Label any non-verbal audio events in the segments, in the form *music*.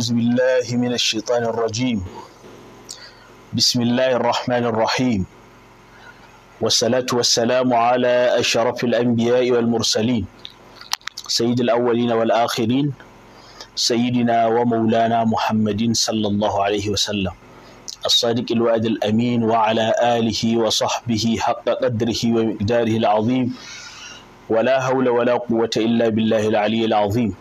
أعوذ بالله من الشيطان الرجيم بسم الله الرحمن الرحيم والصلاة والسلام على أشرف الأنبياء والمرسلين سيد الأولين والآخرين سيدنا ومولانا محمد صلى الله عليه وسلم الصادق الوعد الأمين وعلى آله وصحبه حق قدره ومقداره العظيم ولا هول ولا قوة إلا بالله العلي العظيم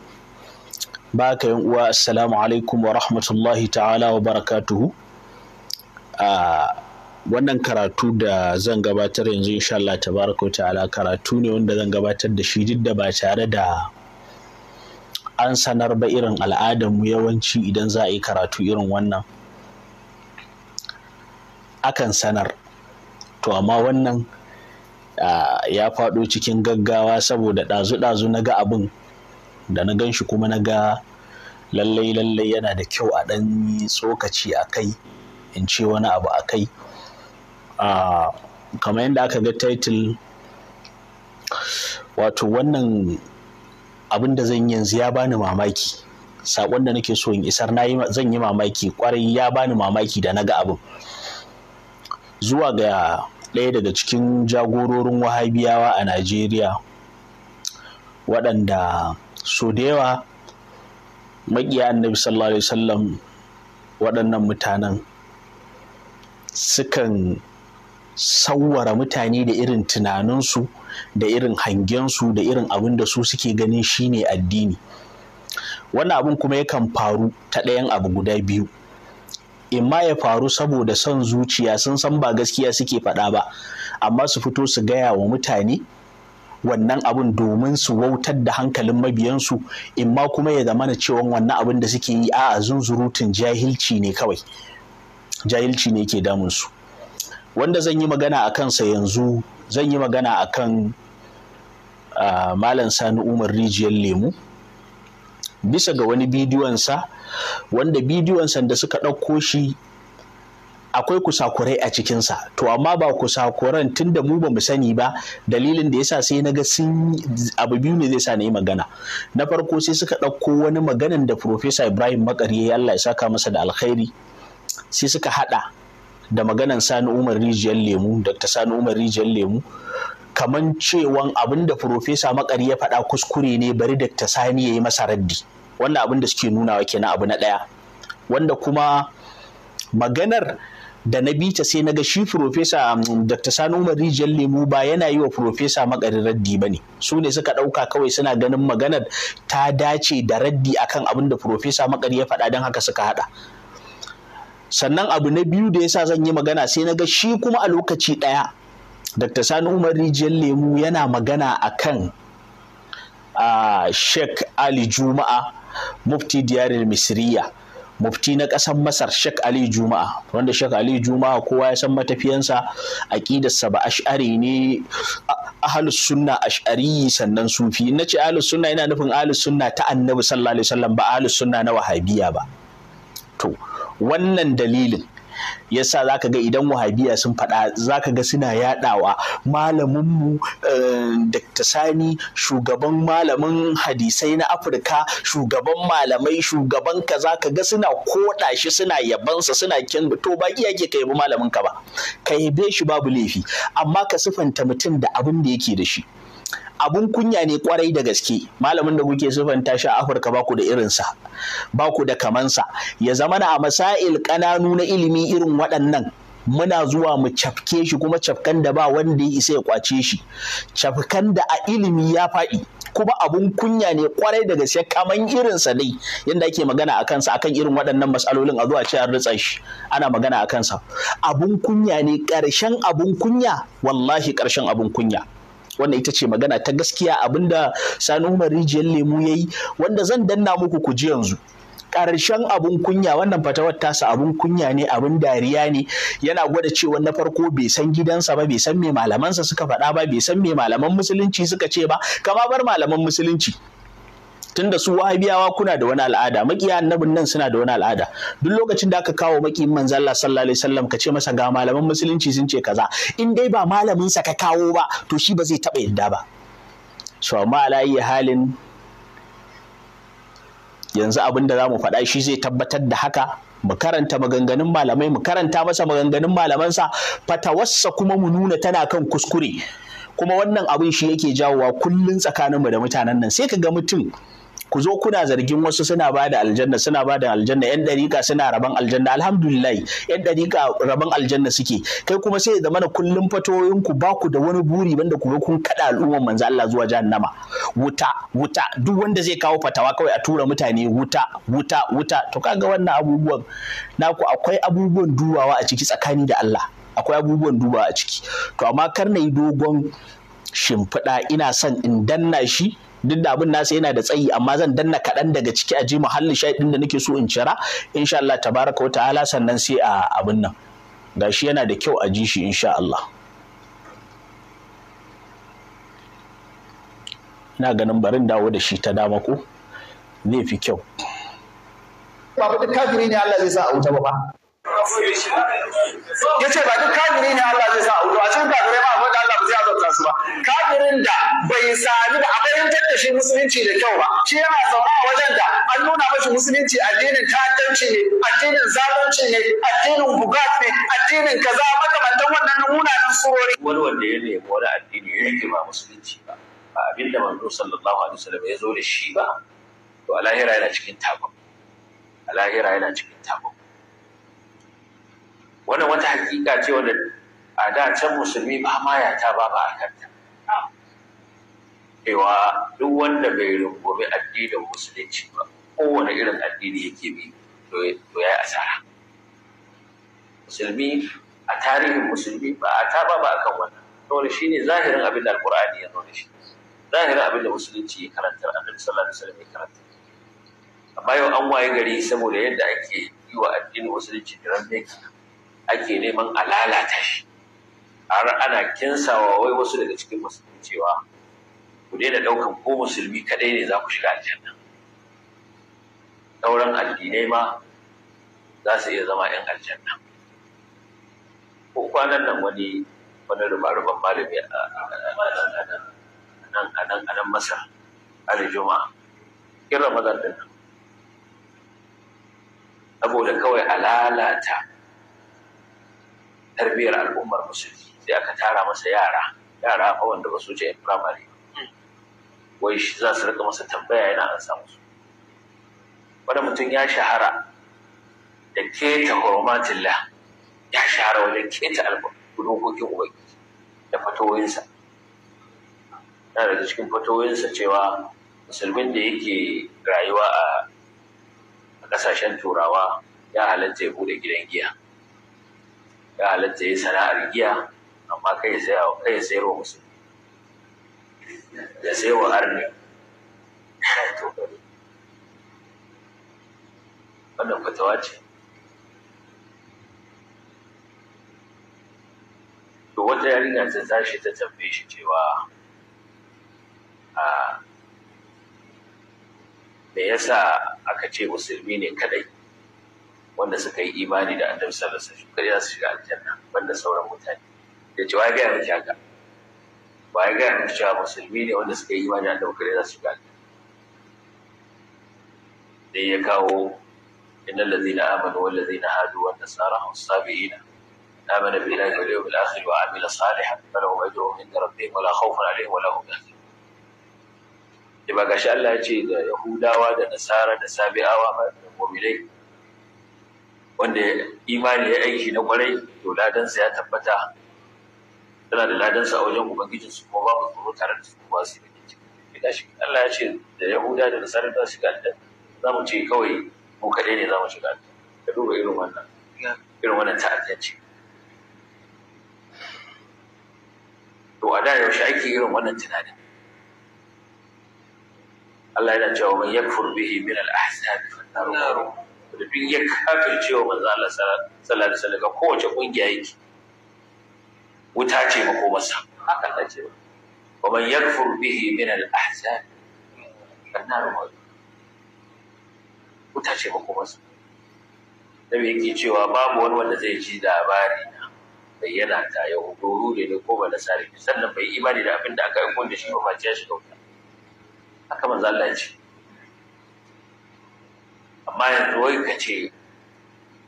baka yan uwa assalamu alaikum wa rahmatullahi ta'ala wa barakatuhu a wannan karatu da zan gabatar yanzu insha Allah tabaraka ta'ala karatu ne wanda zan gabatar da shi duk da ba tare da an sanar ba irin al'adar mu yawanci idan za a yi karatu irin wannan akan sanar to amma wannan ya faɗo cikin gaggawa saboda ɗazu-ɗazu na ga abin da na gan shi kuma na ga lallai lallai yana da kyau a ɗan tsokaci a kai in ce wani abu a kai kamar yadda aka ga title wato wannan abin da zan yanzu ya bani mamaki saƙon da nake so in isar na zan yi mamaki ƙwarai ya bani mamaki da na ga abin zuwa ga ɗaya daga cikin jagororin wahabiyawa a najeriya waɗanda so da yawa maƙiya annabi sallallahu alaihi wasallam waɗannan mutanen sukan sauwara mutane da irin tunaninsu da irin hangensu da irin abin da su suke ganin shine addini wannan abin kuma yakan faru ta ɗayan abu guda biyu imma ya faru saboda son zuciya sun san ba gaskiya suke faɗa ba amma su fito su gaya wa mutane wannan abin domin su wautar da hankalin mabiyansu in ma kuma ya zamana cewa wannan abin da suke yi a zunzurutun jahilci ne kawai jahilci ne ke damunsu wanda zan yi magana a kansa yanzu zan yi magana a kan malam sani umar rijiyar lemu bisa ga wani bidiyonsa wanda bidiyonsa da suka ɗauko shi akwai kusakurai a cikinsa to amma ba kusakuran tun da mu ba mu sani ba dalilin da yasa sai na ga sun abu biyu ne zai sa na yi magana na farko sai suka ɗauko wani maganan da Profesa Ibrahim Makari ya Allah ya saka masa da alkhairi sai suka haɗa da maganan Sani Umar Rijiyar Lemu Dr. Sani Umar Rijiyar Lemu kaman cewan abin da Profesa Makari ya faɗa kuskure ne bari Dr. Sani ya yi masa raddi wannan abin da suke nunawa kenan abu na ɗaya wanda kuma maganar da na bita sai na ga shi Profesa um, Dr. Sani Umar Rijiyar Lemu ba yana yi wa Profesa Makari raddi ba ne. Su ne suka ɗauka kawai suna ganin maganar ta dace da raddi akan abin da Profesa Makari ya faɗa don haka suka haɗa. Sannan abu na biyu da yasa zan yi magana sai na ga shi kuma a lokaci ɗaya Dr. Sani Umar Rijiyar Lemu yana magana akan uh, Sheikh Ali Juma'a Mufti Diyaril Misriya. mufti na ƙasar masar shek ali juma'a wanda shek ali juma'a kowa ya san matafiyansa aƙidarsa ba ash'ari ne ahalus sunna ash'ari sannan sufi na ce ahalus sunna ina nufin ahalus sunna ta annabi sallallahu alaihi wasallam ba ahalus sunna na wahabiya ba to wannan dalilin yasa zaka ga idan wahabiya sun faɗa zaka ga suna yaɗawa malaminmu eh, Dr. Sani shugaban malamin hadisai na Afirka shugaban malamai shugaban ka zaka ga suna koɗa shi suna yabansa suna kin to ba iya ke kai malamin ka ba ka yabe shi babu laifi amma ka sifanta mutum da abin da yake da shi abun kunya ne kwarai da gaske malamin da kuke sifanta shi a Afirka baku da irinsa Baku da kamansa ya zamana a masail ƙananu na ilimi irin waɗannan muna zuwa mu cafke shi kuma cafkan da ba wanda ya isa ya kwace shi cafkan da a ilimi ya faɗi kuma abun kunya ne kwarai da gaske kaman irinsa dai yadda ake magana a kansa akan irin waɗannan matsalolin a zuwa cewa rutsa shi ana magana a kansa abun kunya ne ƙarshen abun kunya wallahi ƙarshen abun kunya wannan ita ce magana ta gaskiya abinda sani umar rijiyar lemu ya yi wanda zan danna muku ku ji yanzu ƙarshen abun kunya wannan fatawar tasa abun kunya ne abun dariya ne yana gwada cewa na farko bai san gidansa ba bai san me malamansa suka faɗa ba bai san me malaman musulunci suka ce ba kama bar malaman musulunci Tun da su wahabiyawa kuna da wani al'ada makiya annabin nan suna da wani al'ada duk lokacin da aka kawo makiyin manzo Allah sallallahu alaihi wasallam ka ce masa ga malaman musulunci sun ce kaza in dai ba malamin sa ka kawo ba to shi ba zai taba yadda ba so amma alayyi halin yanzu abin da zamu faɗa shi zai tabbatar da haka mu karanta maganganun malamai mu karanta masa maganganun malaman malamansa fatawarsa kuma mu nuna tana kan kuskure kuma wannan abin shi yake jawowa kullun tsakaninmu da mutanen nan sai ka ga mutum ku zo kuna zargin wasu suna ba da aljanna suna ba da aljanna yan dariƙa suna raban aljanna alhamdulillah yan dariƙa rabon aljanna suke kai kuma sai da mana kullum fatoyin ku ba ku da wani buri banda ku ga kun kada al'umman manzo Allah zuwa jahannama wuta wuta duk wanda zai kawo fatawa kawai a tura mutane wuta wuta wuta to kaga wannan abubuwan naku akwai abubuwan dubawa a ciki tsakani da Allah akwai abubuwan dubawa a ciki to amma kar na dogon shimfiɗa ina son in danna shi duk da abin nasa yana da tsayi amma zan danna kaɗan daga ciki a ji muhallin shayi ɗin da nake so in cira insha Allah tabaraka wa ta'ala sannan sai a abin nan gashi yana da kyau a ji shi insha Allah ina ganin barin dawo da shi ta dama ko zai fi kyau ba kafiri ne Allah zai sa a wuta ba ya ce ba duk kafiri ne Allah zai sa a wuta a cikin kafirai ba akwai da Allah ba zai azabta su ba kafirin da bai sami da a fahimtar da shi musulunci da kyau ba shi yana zaune a wajen da an nuna mashi musulunci addinin ta'addanci ne addinin zalunci ne addinin bugat ne addinin kaza makamantan wannan munanan surori wani wanda ya nemi wani addini ya yake ba musulunci ba ba abinda manzo sallallahu alaihi wasallam ya zo da shi ba to a lahira yana cikin takwa, a lahira yana cikin takwa. wannan wata hakika ce wanda a da can musulmi ba ma ya ta ba ba a kanta cewa duk wanda bai rungumi addinin musulunci ba kowane irin addini yake bi to ya yi asara musulmi a tarihin musulmi ba a taba ba akan wannan dole shine zahirin abin da alqur'ani ya zo da shi zahirin abin da musulunci ya karanta annabi sallallahu alaihi wasallam ya karanta amma yau an waye gari saboda yadda ake yi wa addinin musulunci da ran ake neman a lalata shi har ana kinsawa wai wasu daga cikin musulmi cewa ku daina daukan ko musulmi kaɗai ne za ku shiga aljanna sauran addinai ma za su iya zama 'yan aljanna ko kwanan nan wani wani rubaruban malami a nan a nan masar aljuma in ramadan din saboda kawai a lalata tarbiyyar al'ummar musulmi sai aka tara masa yara yara fa wanda ba su je primary wai shi za su rika masa tambaya yana an samu su wani mutum ya shahara da keta hurmatillah ya shahara wajen keta dokokin ubangiji da fatoyinsa yana daga cikin fatoyinsa cewa musulmin da yake rayuwa a ƙasashen turawa ya halatta ya bude gidan giya ya halatta ya sana'ar giya amma kai ya sayar wa musulmi ya sai wa harni *laughs* to wannan fatawa ce to wata yarinya ta tashi ta tambaye shi cewa a ah, me yasa aka ce musulmi ne kadai wanda suka yi imani da annabi sallallahu alaihi wasallam kariya su shiga aljanna banda sauran mutane ya ce wai ga miki haka ba ga miki cewa musulmi ne wanda suka yi imani da annabi kariya su shiga aljanna dai ya kawo inna ladzina amanu wal ladzina hadu wan nasara was sabiina آمن بالله واليوم الآخر وعمل صالحا فلهم أجرهم عند ربهم ولا خوف عليهم ولا هم يحزنون da ba gashi Allah ya ce da Yahudawa da Nasara da Sabi'awa da Mu'minai wanda imani ya aiki na kwarai to ladansa ya tabbata tana da ladansa a wajen ubangijin su kuma babu tsoro tare da su ba su yi da shi Allah ya ce da Yahuda da Nasara za su shiga aljanna za mu ce kawai mu kaɗai ne za mu shiga aljanna ka duba irin wannan irin wannan ta'addanci to a da yaushe ake irin wannan tunanin Allah yana cewa man yakfur bihi min al-ahzab fa naru duk ya kafirce wa manzo Allah sallallahu alaihi wasallam ga kowace kungiya yake wuta ce mako masa haka Allah ce wa man yakfur bihi min al ahzab annar wuta ce mako masa nabi yake cewa babu wani wanda zai ji labari na bayyana ta yau doru ne ne ko ba da sare sannan bai imani da abin da aka yi kun da shi ba ba ce shi kauta haka manzo Allah ya ce amma yanzu wai ka ce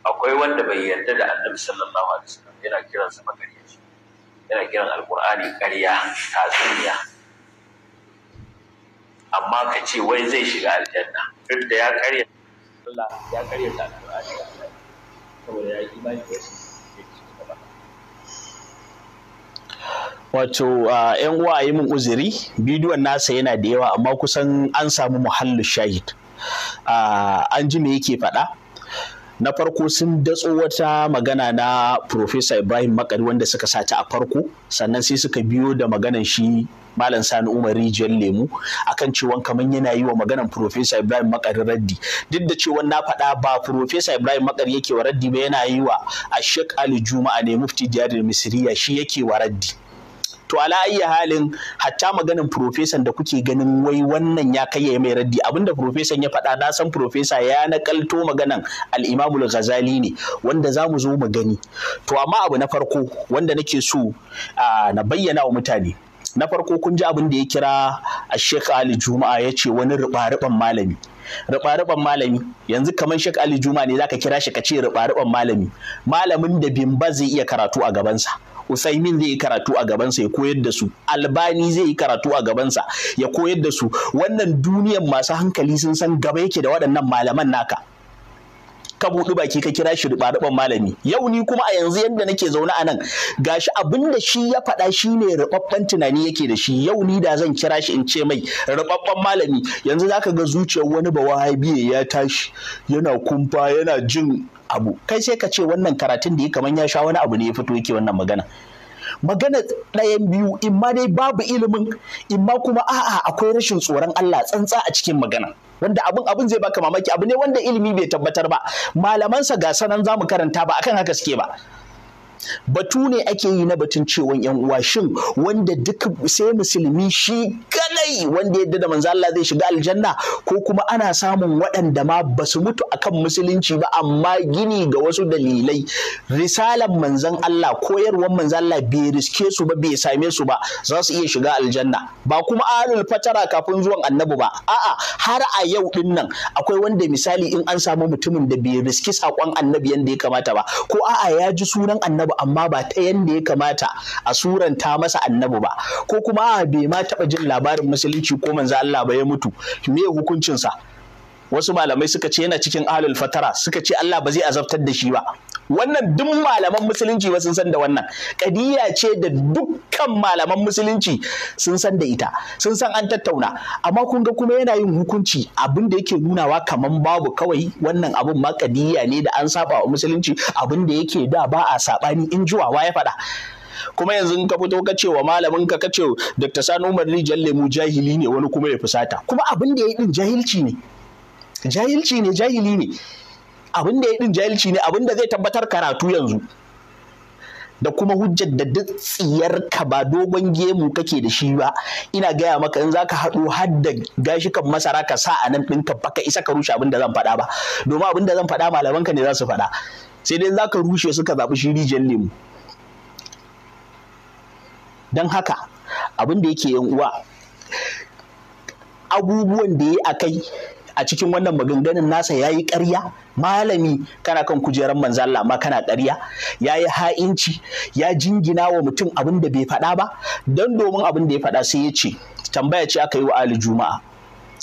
akwai wanda bai yarda da annabi sallallahu alaihi wasallam yana kiran sa makaryaci yana kiran alqur'ani ƙarya tatsuniya amma ka ce wai zai shiga aljanna duk da ya ƙarya Allah ya ƙarya ta alqur'ani saboda ya yi imani da wasu wato yan uwa yi min uzuri bidiyon nasa yana da yawa amma kusan an samu muhallin shahid an ji me yake faɗa na farko sun datso wata magana na Profesa Ibrahim Makari wanda suka sata a farko sannan sai suka biyo da maganan shi Malam Sani Umar Rijiyar Lemu akan cewa kamar yana yi wa maganan Profesa Ibrahim Makari raddi duk da cewa na faɗa ba Profesa Ibrahim Makari yake wa raddi ba yana yi wa Ashek Ali Juma'a ne Mufti Jihar Misiriya shi yake wa raddi to ala ayyi halin hatta maganin profesan da kuke ganin wai wannan ya kai ya mai raddi abinda profesan ya faɗa na san profesa ya nakalto maganan al-Imam ghazali ne wanda zamu zo mu gani to amma abu na farko wanda nake so na bayyana wa mutane na farko kun ji abin da ya kira a Sheikh Ali Juma'a ya ce wani riba malami riba malami yanzu kamar Sheikh Ali Juma'a ne zaka kira shi ka ce riba malami malamin da bimba zai iya karatu a gabansa Usaimin zai yi karatu a gabansa ya koyar da su Albani zai yi karatu a gabansa ya koyar da su wannan duniyan masu hankali sun san gaba yake da waɗannan malaman naka ka buɗi baki ka kira shi ruɓa malami yau ni kuma a yanzu yadda nake zaune a nan gashi abin da shi ya faɗa shi ne ruɓaɓɓen tunani yake da shi yau ni da zan kira shi in ce mai ruɓaɓɓen malami yanzu zaka ga zuciyar wani ba biye ya tashi yana kumfa yana jin abu kai sai ka ce wannan karatun da yi kamar ya sha wani abu ne ya fito yake wannan magana magana ɗayan biyu in ma dai babu ilimin in ma kuma a'a akwai rashin tsoron Allah tsantsa a cikin magana wanda abin abin zai baka mamaki abu ne wanda ilimi bai tabbatar ba malamansa ga sanan zamu karanta ba akan haka suke ba batu ne ake yi na batun cewan yan uwa shin wanda duk sai musulmi shi kadai wanda yadda da manzo Allah zai shiga aljanna ko kuma ana samun waɗanda ma ba su mutu akan musulunci ba amma gini ga wasu dalilai risalan manzon Allah koyarwar manzon Allah bai riske su ba bai same su ba za su iya shiga aljanna ba kuma alul fatara kafin zuwan annabi ba a'a har a yau din nan akwai wanda misali in an samu mutumin da bai riski sakon annabi yadda ya kamata ba ko a'a ya ji sunan annabi annabi amma ba ta yanda ya kamata a suranta masa annabi ba ko kuma bai ma taɓa jin labarin musulunci ko manzo Allah ba ya mutu me hukuncinsa wasu malamai suka ce yana cikin alul fatara suka ce Allah ba zai azabtar da shi ba wannan duk malaman musulunci ba sun san da wannan kadiya ce da dukkan malaman musulunci sun san da ita sun san an tattauna amma kun ga kuma yana yin hukunci abin da yake nunawa kaman babu kawai wannan abun ma kadiya ne da an saba wa musulunci abin da yake da ba a sabani in jiwa wa ya faɗa kuma yanzu ka fito ka ce wa malamin ka ce Dr. Sani Umar jalle Lemu jahili ne wani kuma ya fusata kuma abin da ya din jahilci ne jahilci ne jahili ne abin da ya din jahilci ne abin da zai tabbatar karatu yanzu da kuma hujjar da duk ka ba dogon gemu kake da shi ba ina gaya maka in zaka haɗo har da gashikan masara ka sa a nan ɗinka baka isa ka rushe abin da zan faɗa ba domin abin da zan faɗa ka ne za su faɗa sai dai zaka rushe suka zaɓi shi rijiyar lemu don haka abin da yake yan uwa abubuwan da ya a kai a cikin wannan maganganun nasa ya yi ƙarya malami kana kan kujerar manzo kana ƙarya ya yi ha'inci ya jingina wa mutum abin da bai faɗa ba don domin abin da ya faɗa sai ya ce tambaya ce aka yi wa Ali Juma'a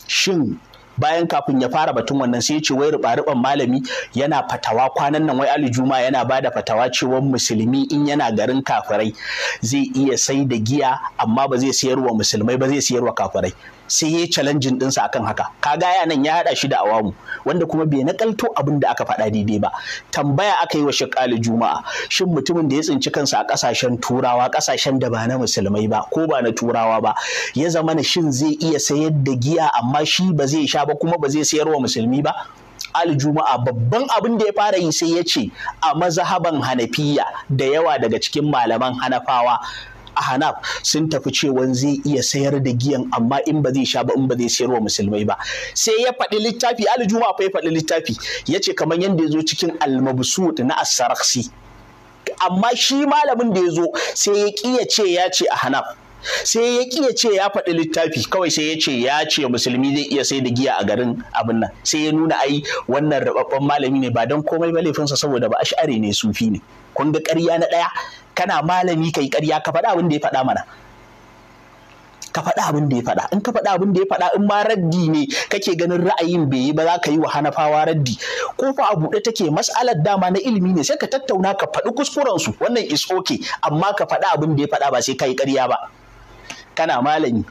shin bayan kafin ya fara batun wannan sai ya ce wai ruɓa malami yana fatawa kwanan nan wai Ali Juma'a yana ba da fatawa cewa musulmi in yana garin kafirai zai iya sai da giya amma ba zai sayarwa musulmai ba zai sayarwa kafirai sai ya yi challenging dinsa akan haka kaga ya nan ya haɗa shi da awamu wanda kuma bai nakalto abin da aka faɗa daidai ba tambaya aka yi wa shakali juma'a shin mutumin da ya tsinci kansa a kasashen turawa ƙasashen da ba na musulmai ba ko ba na turawa ba ya zama na shin zai iya sayar da giya amma shi ba zai sha ba kuma ba zai sayar wa musulmi ba Ali Juma'a babban abin da ya fara yi sai ya ce a mazahaban hanafiya da yawa daga cikin malaman hanafawa a hanaf sun tafi cewan zai iya sayar da giyan amma in ba zai sha ba in ba zai sayar wa musulmai ba sai ya faɗi littafi ali juma fa ya faɗi littafi yace ce kamar yadda ya zo cikin almabsut na as amma shi malamin da ya zo sai ya kiyace ya ce ya ce sai ya ya ce ya faɗi littafi kawai sai ya ce ya ce musulmi zai iya sai da giya a garin abin nan sai ya nuna ai wannan rababban malami ne ba don komai ba laifinsa saboda ba ash'ari ne sufi ne kun ga ƙarya na ɗaya kana malami kai ƙarya ka faɗa abin da ya faɗa mana ka faɗa abin da ya faɗa in ka faɗa abin da ya faɗa in ma raddi ne kake ganin ra'ayin bai yi ba za ka yi wa hanafawa raddi ko fa a buɗe take mas'alar dama na ilimi ne sai ka tattauna ka faɗi kuskurensu wannan is okay amma ka faɗa abin da ya faɗa ba sai ka yi ƙarya ba kana malami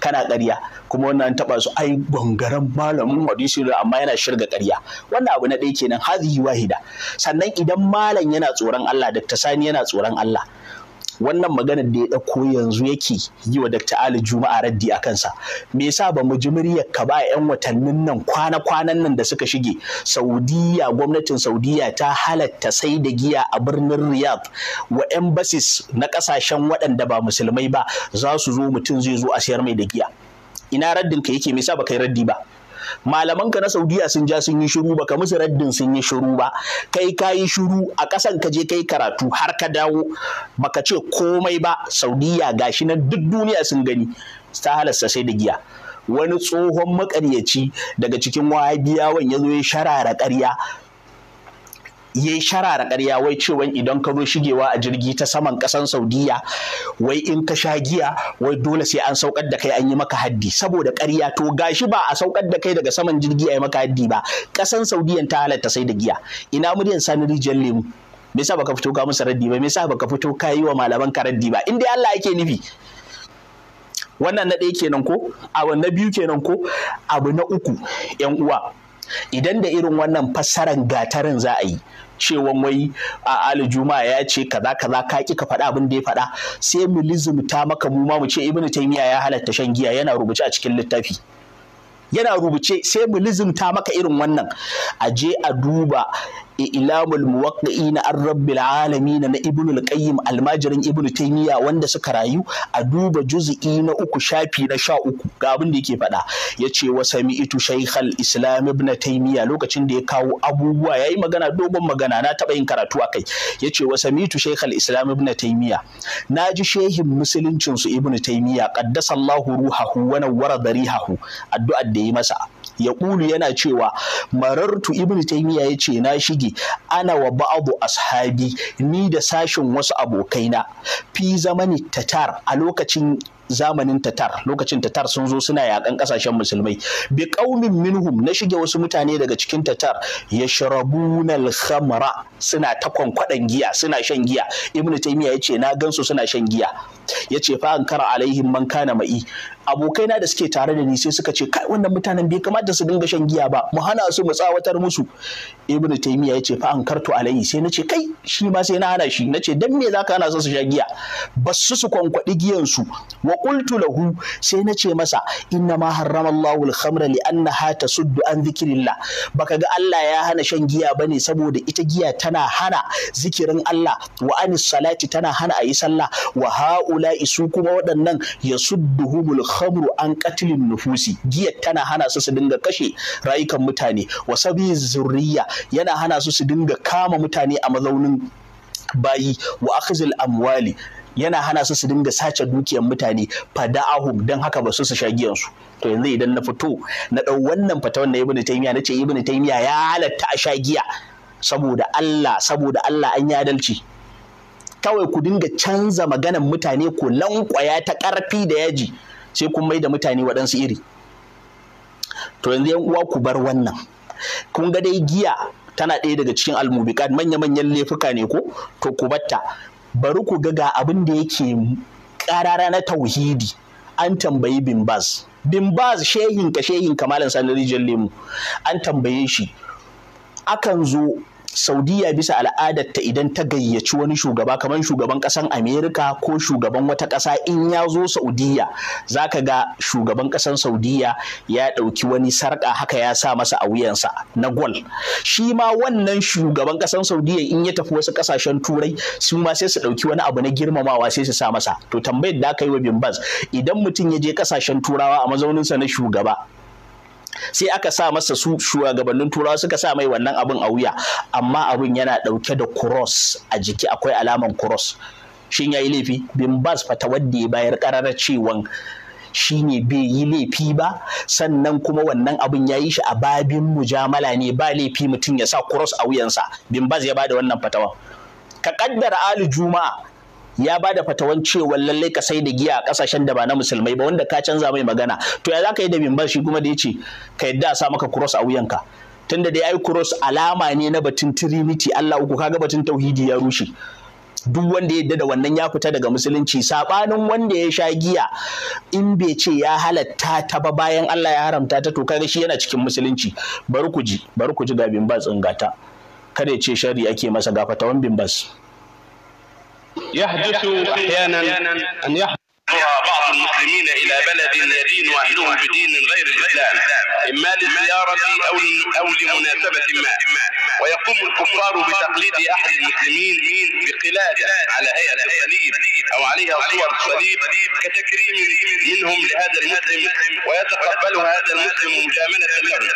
kana ƙarya kuma wannan taɓa su ai bangaren malamin hadisi ne amma yana shirga ƙarya wannan abu na ɗaya kenan hazihi wahida sannan idan malam yana tsoron Allah Dr. Sani yana tsoron Allah wannan maganar da ya ɗauko yanzu yake yi wa Dr. Ali Juma'a raddi a kansa me yasa ba mu ji muryar ka ba yan watannin nan kwana-kwanan nan da suka shige Saudiya gwamnatin Saudiya ta halatta sai da giya a birnin Riyadh wa embassies na ƙasashen waɗanda ba musulmai ba za su zo mutum zai zo a siyar mai da giya ina raddin ka yake me yasa ba kai raddi ba Malamanka na Saudiya sun ja sun yi shiru baka musu raddin sun yi shiru ba kai ka yi shiru a ƙasan ka je kai karatu har ka dawo baka ce komai ba Saudiya gashi na duk duniya sun gani ta halasta sai da giya wani tsohon makaryaci daga cikin wahabiyawan ya zo ya sharara ƙarya ya yi sharara ƙarya wai cewa idan ka zo shigewa a jirgi ta saman ƙasan saudiya wai in ka sha giya wai dole sai an saukar da kai an yi maka haddi saboda ƙarya to gashi ba a saukar da kai daga saman jirgi a yi maka haddi ba ƙasan saudiyan ta halatta sai da giya ina muryan sani rijiyar lemu me yasa baka fito ka musu raddi ba me yasa baka fito ka yi wa malaman ka raddi ba in dai Allah yake nufi wannan na ɗaya kenan ko abu na biyu kenan ko abu na uku yan uwa idan da irin wannan fassaran gatarin za a yi cewan mai a ali juma'a ya ce kaza kaza ka ki ka faɗa abin da ya faɗa sai mu lizumta maka mu ma mu ce ibnu taymiya ya halatta shan giya yana rubuce a cikin littafi yana rubuce sai mu lizimta maka irin wannan a je a duba ilamul muwaqqi'i na arrabbil alamin na ibnu al-qayyim almajirin ibnu taymiya wanda suka rayu a duba juz'i na uku shafi na sha uku ga abin da yake faɗa yace wa sami'tu shaykhal islam ibnu taymiya lokacin da ya kawo abubuwa yayi magana dogon magana na taba yin karatu akai yace wa sami'tu shaykhal islam ibnu taymiya naji shehin musuluncin su ibnu taymiya qaddasallahu ruhahu wa nawwara darihahu addu'ar da yi masa ya ƙulu yana cewa marartu ibn taymiya ya ce na shige ana wa ba'abu ashabi ni da sashin wasu abokaina fi zamani tatar a lokacin zamanin tatar lokacin tatar sun zo suna yaƙan ƙasashen musulmai bi minhum na shige wasu mutane daga cikin tatar yashrabuna al-khamra suna ta kwankwadan giya suna shan giya ibnu taymiya yace na gansu suna shan giya yace fa ankara alaihim man kana ma'i abokaina da suke tare da ni sai suka ce kai wannan mutanen bai kamata su dinga shan giya ba mu hana su mu tsawatar musu ibn taymiya yace fa an karto alayhi sai nace kai shi ma sai na hana shi nace dan me zaka hana su su sha giya Ba su su kwankwadi giyan su wa qultu lahu sai nace masa inna ma harrama Allahu al-khamra li annaha tasuddu an dhikrillah baka ga Allah ya hana shan giya bane saboda ita giya tana hana zikirin Allah wa anis salati tana hana ayi sallah wa haula isu kuma waɗannan yasudduhumul khamru an katilin nufusi giyar tana hana su su dinga kashe rayukan mutane wa sabi zurriya yana hana su su dinga kama mutane a mazaunin bayi wa akhzil amwali yana hana su su dinga sace dukiyar mutane fada'ahum dan haka ba su su sha giyansu to yanzu idan na fito na dau wannan fata na ibnu taymiya nace ibnu taymiya ya halatta a sha giya saboda Allah saboda Allah an ya adalci kawai ku dinga canza maganan mutane kulan lankwaya ta karfi da yaji sai kun mai da mutane waɗansu iri to yanzu yan uwa ku bar wannan kun ga dai giya tana ɗaya daga cikin almubiqat manya-manyan laifuka ne ko to ku batta bari ku ga ga abin da yake ƙarara na tauhidi an tambayi bimbaz bimbaz shehinka shehinka malam sanar rijiyar lemu an tambaye shi akan zo Saudiya bisa al'adar ta idan ta gayyaci wani shugaba kamar shugaban ƙasan Amerika ko shugaban wata ƙasa in ya zo Saudiya zaka ga shugaban ƙasan Saudiya ya ɗauki wani sarƙa haka ya sa masa a wuyansa na gwal. Shi ma wannan shugaban ƙasan Saudiya in ya tafi wasu ƙasashen Turai su ma sai su ɗauki wani abu na girmamawa sai su sa masa. To tambayar da aka yi wa Bimbas idan mutum ya je ƙasashen Turawa a mazauninsa na shugaba sai aka sa masa su shugabannin turawa suka sa mai wannan abin a wuya amma abin yana ɗauke da cross a jiki akwai alaman cross shin yayi laifi bin bas fa ya bayar karara cewan shi ne bai yi laifi ba sannan kuma wannan abin ya yi shi a babin mujamala ne ba laifi mutum ya sa kuros a wuyansa bin bas ya bada wannan fatawa ka kaddara ali juma'a ya ba da fatawan cewa lallai ka sai da giya a kasashen da ba na musulmai ba wanda ka canza mai magana to ya ka yi da bin shi kuma da ya ce ka yadda a sa maka cross a wuyanka tunda da ya yi kuros, alama ne na batun trinity Allah uku kaga batun tauhidi ya rushe duk wanda ya yadda da wannan ya fita daga musulunci saɓanin wanda ya sha giya in bai ce ya halatta ta ba bayan Allah ya haramta ta to kaga shi yana cikin musulunci bari ku ji bari ku ji ga bimbas tsingata kada ya ce shari'a ke masa ga fatawan bimbas يحدث أحيانا أن يحدث بعض المسلمين إلى بلد يدين أهله بدين غير الإسلام إما لزيارة أو أو لمناسبة ما ويقوم الكفار بتقليد أحد المسلمين بقلادة على هيئة الصليب أو عليها صور الصليب كتكريم منهم لهذا المسلم ويتقبل هذا المسلم مجاملة له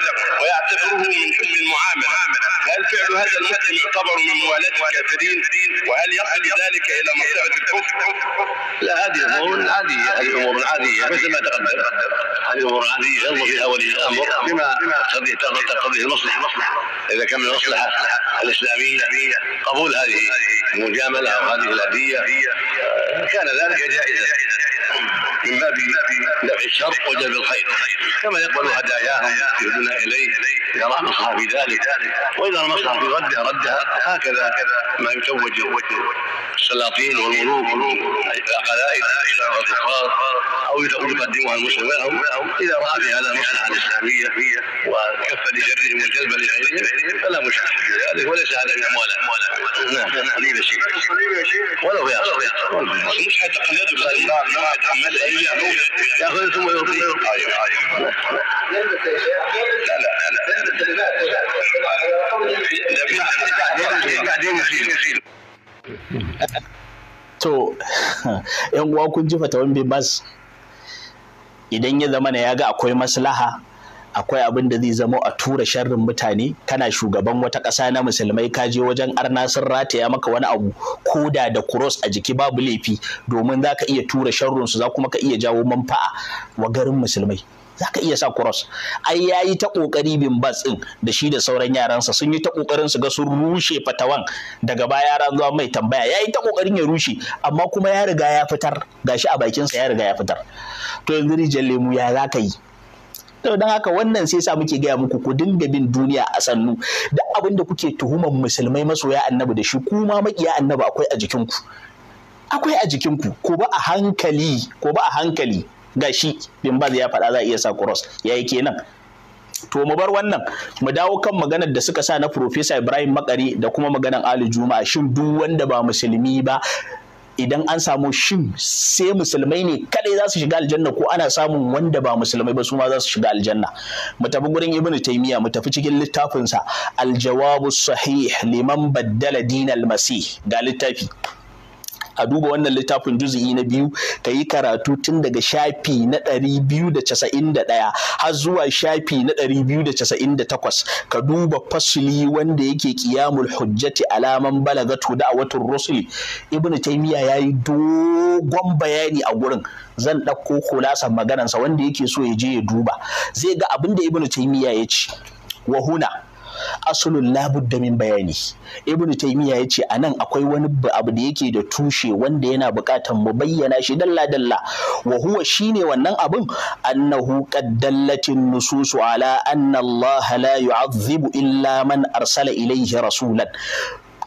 هذا المسلم يعتبر من موالاة الكافرين وهل يصل ذلك إلى مرتبة الكفر؟ لا هذه الأمور عادية هذه الأمور عادية مثل ما تقدم هذه أمور عادية ينظر في ولي الأمر بما تقضيه تقضيه المصلحة إذا كان من المصلحة الإسلامية قبول هذه المجاملة أو هذه الهدية كان ذلك جائزا من باب دفع الشر وجلب الخير كما يقبل هداياهم يهدون إليه يراها مصلحه في ذلك واذا المصلحه في ردها ردها هكذا ما يتوج السلاطين والملوك العقلائد والكفار او يقدموها المسلمين لهم اذا راى في هذا المصلحه الاسلاميه وكف لشرهم وجلب لخيرهم فلا مشكله في ذلك وليس هذا من اموالهم نعم, نعم، قليل الشيء ولو في مش حيتقلدوا الاسلام ما حيتحمل ياخذ ثم يعطيه لا لا لا to yan uwa kun ji fatawan bas idan ya zama na ya ga akwai maslaha akwai abin da zai zama a tura sharrin mutane kana shugaban wata ƙasa na musulmai ka je wajen arna sun rataya maka wani abu koda da cross a jiki babu laifi domin za ka iya tura sharrin su za kuma ka iya jawo manfa'a wa garin musulmai zaka iya sa cross ai yayi ta kokari bin bas din da shi da sauran yaransa sun yi ta kokarin su ga sun rushe fatawan daga baya yaran zuwa mai tambaya yayi ta kokarin ya rushe amma kuma ya riga ya fitar gashi a bakin sa ya riga ya fitar to yanzu rijiyar lemu ya zaka yi to don haka wannan sai sa muke gaya muku ku dinga bin duniya a sannu da abin da kuke tuhumar musulmai masoya annabi da shi kuma makiya annabi akwai a jikinku akwai a jikinku ko ba a hankali ko ba a hankali gashi bin Bimbaz ya faɗa za a iya sa cross yi kenan to mu bar wannan mu dawo kan maganar da suka sa na Profesa Ibrahim Makari da kuma maganar Ali Juma'a shin duk wanda ba musulmi ba idan an samu shin sai musulmai ne kadai za su shiga aljanna ko ana samun wanda ba musulmai ba su ma za su shiga aljanna mu tafi gurin ibn taymiya mu tafi cikin littafinsa al-jawabu sahih liman baddala dinal masih ga littafi a duba wannan littafin juzi'i na biyu ka yi karatu tun daga shafi na ɗari biyu da casa'in da ɗaya har zuwa shafi na ɗari biyu da casa'in da takwas ka duba fasili wanda yake kiyamul hujjati alaman balagatu watan rusul ibn taymiya yi dogon bayani a gurin zan ɗauko kulasan maganarsa wanda yake so ya je ya duba zai ga abin da ibn taymiya ya ce wahuna asulun labudda min bayani ibnu taimiya ya ce anan akwai wani abu da yake da tushe wanda yana buƙatar mu bayyana shi dalla dalla wa huwa shine wannan abun annahu qad dallatin nususu ala anna Allah la yu'azzibu illa man arsala ilayhi rasulan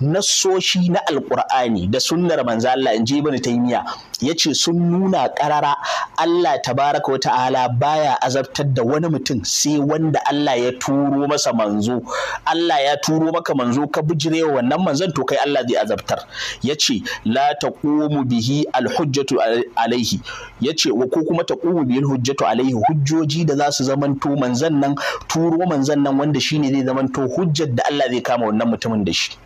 nassoshi na alkur'ani da sunnar manzo Allah in bani taimiya ya yace sun nuna karara Allah tabaraka ta'ala baya azabtar da wani mutum sai wanda Allah ya turo masa manzo Allah ya turo maka manzo ka bijirewa wannan manzon to kai Allah zai azabtar yace la taqumu bihi alhujjatu alaihi yace wa ko kuma taqumu bihi alhujjatu alaihi hujjoji da za su zamanto manzon nan turo manzon nan wanda shine zai zamanto hujjar da Allah zai kama wannan mutumin da shi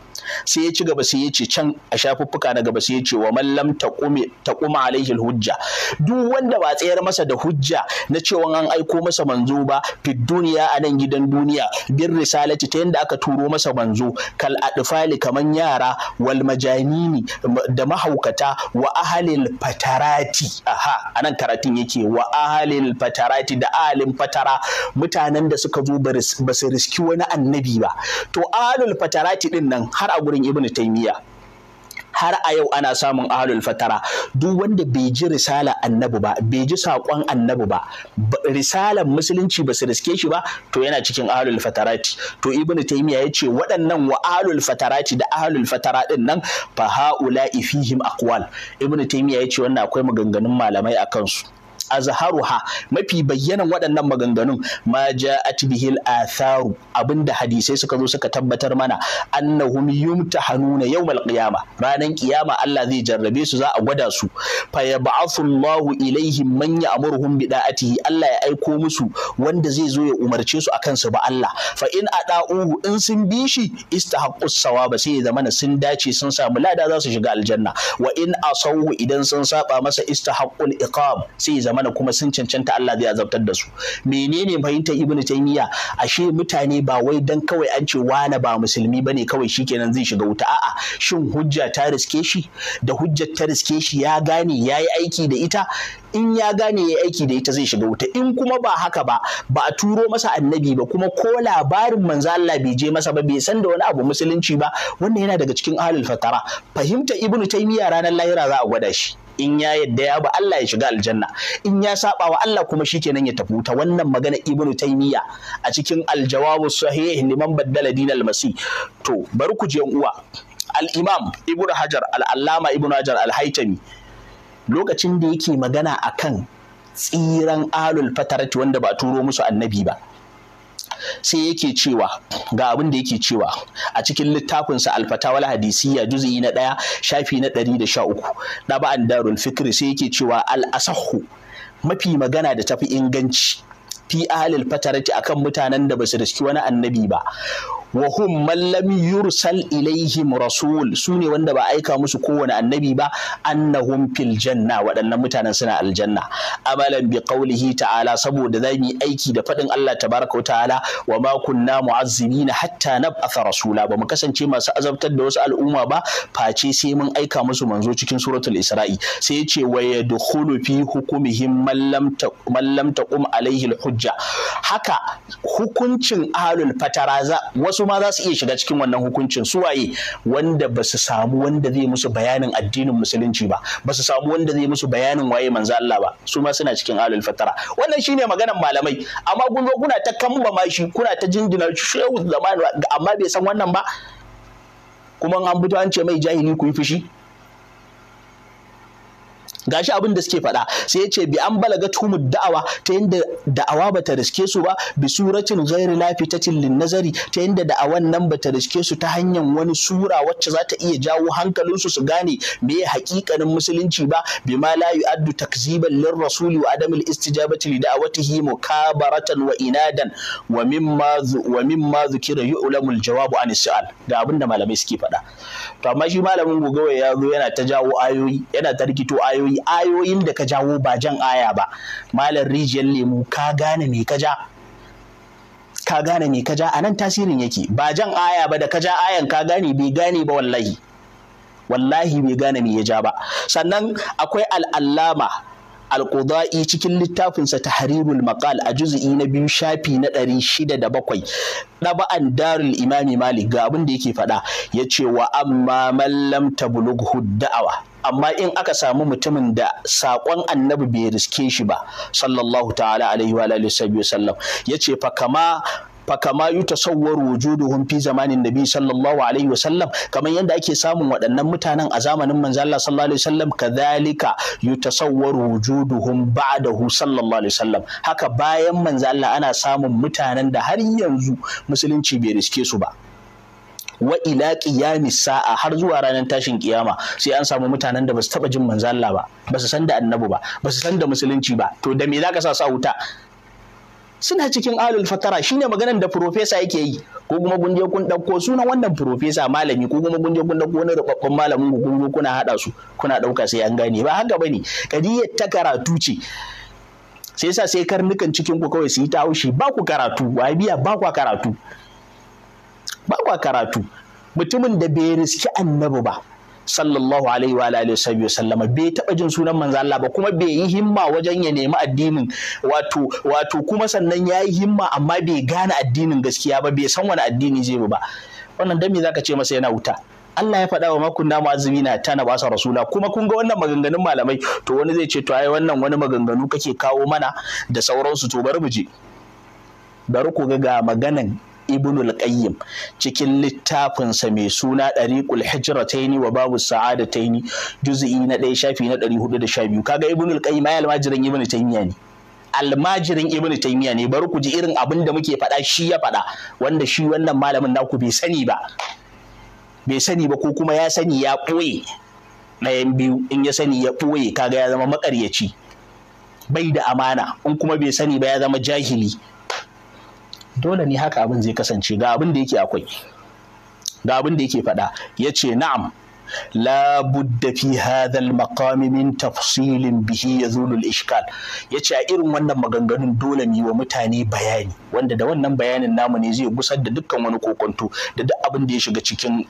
sai ya ci gaba sai ya ce can a shafuffuka na gaba sai ya ce wa mallam ta kuma alaihi hujja duk wanda ba tsayar masa da hujja na cewa an aiko masa manzo ba fid duniya a nan gidan duniya bin risalati ta yadda aka turo masa manzo kal adfali kaman yara wal majanini da mahaukata wa ahalil fatarati aha anan karatun yake wa ahalil fatarati da ahalin fatara mutanen da suka zo ba su riski wani annabi ba to ahalul fatarati din nan har a gurin Ibn taymiya har a yau ana samun ahlul fatara duk wanda bai ji risala annabi ba bai ji sakon annabi ba risalan musulunci ba su riske shi ba to yana cikin ahlul fatarati to ibnu taymiya ya ce waɗannan wa ahlul fatarati da ahlul fatara din nan fa haula fihim aqwal ibnu taymiya ya ce wannan akwai maganganun malamai a kansu azharuha mafi bayyanan waɗannan maganganun ma ja'at bihil atharu abinda hadisai suka zo suka tabbatar mana annahum yumtahanuna yawmal qiyama ranan ƙiyama Allah zai jarrabe su za a gwada su fa yab'athu Allahu ilaihim man ya'muruhum bi da'atihi Allah ya aiko musu wanda zai zo ya umarce su akan su ba Allah fa in ada'uhu in sun bi shi istahaqqu sawaba sai ya zamana sun dace sun samu lada za su shiga aljanna wa in asawu idan sun saba masa istahaqqul iqam sai ya mana kuma sun cancanta Allah zai azabtar da su menene fahimtar ibnu taymiya ashe mutane ba wai dan kawai an ce wani ba musulmi bane kawai shikenan zai shiga wuta a'a shin hujja ta riske shi da hujjar ta riske shi ya gane yayi aiki da ita in ya gane ya aiki da ita zai shiga wuta in kuma ba haka ba ba a turo masa annabi ba kuma ko labarin manzo Allah bai je masa ba bai san da wani abu musulunci ba wannan yana daga cikin ahlul fatara fahimta ibnu taymiya ranar lahira za a gwada shi in ya yadda ya ba Allah ya shiga aljanna in ya saba wa Allah kuma shi shikenan ya tafi wuta wannan magana ibnu taymiya a cikin aljawabu sahih liman baddala dinal masih to bari ku je uwa al-imam ibnu hajar al-allama ibnu hajar al haitami lokacin da yake magana akan tsiran alul fatarati wanda ba turo musu annabi ba sai yake cewa ga abin da yake cewa a cikin littafinsa alfatawal hadisiyya juzu'i na ɗaya shafi na ɗari da sha uku ɗaba'an darul fikri sai yake cewa al'asahu mafi magana da tafi inganci fi alul fatarati akan mutanen da ba su riski wani annabi ba wa hum man lam yursal ilaihim rasul su ne wanda ba aika musu kowane annabi ba annahum fil janna waɗannan mutanen suna aljanna amalan bi qaulihi ta'ala saboda za mu yi aiki da faɗin Allah tabaraka ta'ala wa ma kunna na hatta nab'atha rasula ba mu kasance masu azabtar da wasu al'umma ba face sai mun aika musu manzo cikin suratul isra'i sai ya ce wa yadkhulu fi hukumihim man lam taqum alaihi hujja haka hukuncin ahlul Fataraza wasu ma za su iya shiga cikin wannan hukuncin su waye wanda ba su samu wanda zai musu bayanin addinin musulunci ba ba su samu wanda zai musu bayanin waye manzo Allah ba su ma suna cikin alul fatara wannan shine maganar malamai amma kun zo kuna ta kamba shi kuna ta jindina shehu zamani amma bai san wannan ba kuma an buto an ce mai jahili ku yi fushi gashi abin da suke faɗa sai ya ce bi an balaga tumu da'awa ta yadda da'awa bata riske su ba bi suratin ghairi lafitatin lin nazari ta yadda da'awan nan bata riske su ta hanyar wani sura wacce za ta iya jawo hankalin su su gane me hakikanin musulunci ba bi ma la yu'addu takziban lir rasuli wa adamul istijabati li da'awatihi mukabaratan wa inadan wa mimma wa mimma zukira yu'lamu jawabu an su'al ga abin da malamai suke faɗa to amma shi malamin gogawa ya zo yana ta jawo ayoyi yana ta ayoyi misali ayoyin da ka jawo ba jan aya ba malar rijiyar lemu ka gane me ka ja ka gane me ka ja a nan tasirin yake ba jan aya ba da ka ja ayan ka gane bai gane ba wallahi wallahi bai gane me ya ja ba sannan akwai al'allama alƙuda'i cikin littafinsa ta harirul maƙal a juzu'i na biyu shafi na ɗari shida da bakwai ɗaba'an darul imami malik ga abin da yake faɗa ya ce wa amma mallam tabulughu da'awa amma in aka samu mutumin da saƙon annabi bai riske shi ba sallallahu ta'ala alaihi wa alihi Ya yace fa kama fakama yutasawwaru wujuduhum fi zamanin nabi sallallahu alaihi wa sallam. kamar yadda ake samun waɗannan mutanen a zamanin manzo Allah sallallahu alaihi wa sallam kadhalika yutasawwaru wujuduhum ba'dahu sallallahu alaihi wa sallam. haka bayan manzo Allah ana samun mutanen da har yanzu musulunci bai riske su ba wa ila qiyami sa'a har zuwa ranar tashin kiyama sai an samu mutanen da basu taba jin manzo Allah ba basu san da annabi ba basu san da musulunci ba to da me zaka sa sa wuta suna cikin alul fatara shine maganar da profesa yake yi ko kuma gunje kun dauko sunan wannan profesa malami ko kuma kun kun dauko wani rubabban malamin ku kuna hada su kuna dauka sai an gane ba haka bane kadiyar ta karatu ce sai yasa sai karnukan cikin ku kawai su yi ta haushi ba ku karatu wa biya ba ku karatu ba kwa karatu mutumin da bai riski annabi ba sallallahu alaihi wa alihi wa bai taba jin sunan manzo Allah ba kuma bai yi himma wajen ya nemi addinin wato wato kuma sannan ya yi himma amma bai gane addinin gaskiya ba bai san wani addini zai ba wannan dan me zaka ce masa yana wuta Allah ya faɗa wa makunna mu'azzimi na tana ba sa rasula kuma kun ga wannan maganganun malamai to wani zai ce to ai wannan wani maganganu kake kawo mana da sauransu to bari mu je bari ku ga maganan ibn al-qayyim cikin littafinsa mai suna dariqul hijrataini wa babu sa'adataini juz'i na 1 shafi na 412 kaga ibn al-qayyim ya almajirin ibn taymiya ne almajirin ibn taymiya ne bari ku ji irin abin da muke faɗa shi ya faɗa wanda shi wannan malamin naku bai sani ba bai sani ba ko kuma ya sani ya ɓoye yan biyu in ya sani ya ɓoye kaga ya zama maƙaryaci bai da amana in kuma bai sani ba ya zama jahili dole ne haka abin zai kasance ga abin da yake akwai ga abin da yake faɗa ya ce na'am la budda fi hadha al min tafsilin bihi yazulu al-ishkal yace a irin wannan maganganun dole mu wa mutane bayani wanda da wannan bayanin namu ne zai gusar da dukkan wani kokonto da duk abin da ya shiga cikin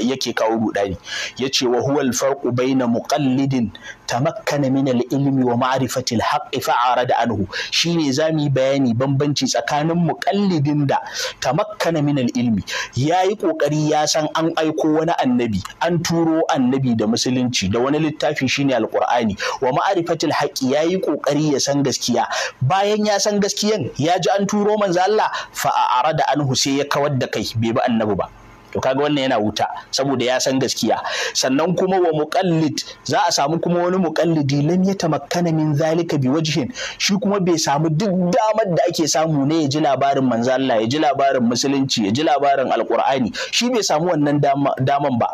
yake kawo rudani yace wa huwa al-farqu bayna muqallidin tamakkana min al-ilmi wa ma'rifati al-haqqi da anhu shine zamu yi bayani bambanci tsakanin muqallidin da tamakkana min al-ilmi yayi kokari ya san an aiko wani annabi an an turo annabi da musulunci da wani littafi shine alkur'ani wa ma'rifatil haqqi yayi kokari ya san gaskiya bayan ya san gaskiyan ya ji an turo manzo Allah fa arada anhu sai ya kawar da kai bai bi annabi ba to kaga wannan yana wuta saboda ya san gaskiya sannan kuma wa muqallid za a samu kuma wani muqallidi lam tamakkana min zalika bi wajhin shi kuma bai samu duk damar da ake samu ne ya ji labarin manzo Allah ya ji labarin musulunci ya ji labarin alqur'ani shi bai samu wannan daman ba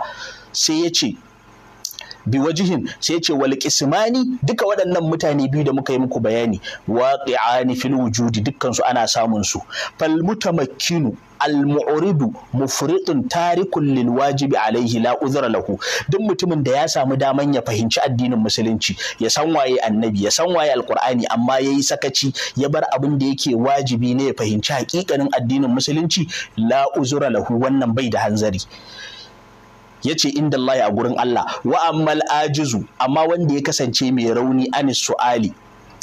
sai ya ce bi wajihin sai ce wal kismani duka waɗannan mutane biyu da muka yi muku bayani waqi'ani fil wujudi dukkan su ana samun su fal mutamakkinu al-mu'ridu mufritun tarikun lil wajibi alaihi la uzra lahu duk mutumin da ya samu daman ya fahimci addinin musulunci ya san waye annabi ya san waye alqur'ani amma yayi sakaci ya bar abin da yake wajibi ne ya fahimci hakikanin addinin musulunci la uzra lahu wannan bai da hanzari yace inda Allah a gurin Allah wa ammal ajizu amma wanda ya kasance mai rauni anis su'ali